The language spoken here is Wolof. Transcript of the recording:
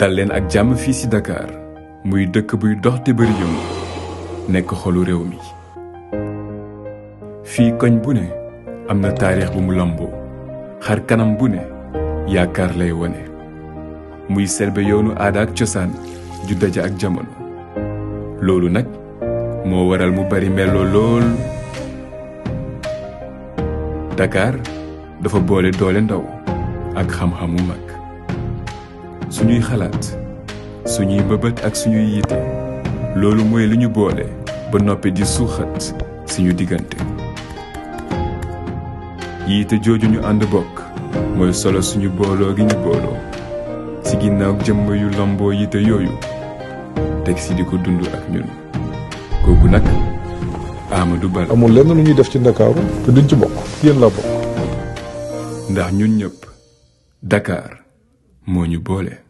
dalen ak jam fi ci Dakar muy dekk buy dox te bëri yëngu nek xolu rew mi fi koñ bu ne amna na bu mu lambo xar kanam bu ne lay woné muy selbe yoonu ak ju dajja ak jamono nak mo waral mu bari melo lol Dakar dafa boole doole ndaw ak xam-xamu mag suñuy xalaat suñuy mbëbët ak suñuy yitte loolu mooy li ñu boole ba noppi di suuxat suñu diggante yitte jooju ñu ànd bokk mooy solo suñu booloo gi ñu booloo ci ginnaaw jëmm yu lamboo yitte yooyu teg si di ko dund ak ñun kooku nag Amadou amul lenn lu ñuy def ci Ndakaaru te duñ ci bokk yéen laa bokk ndax ñun ñëpp Dakar Моню боли.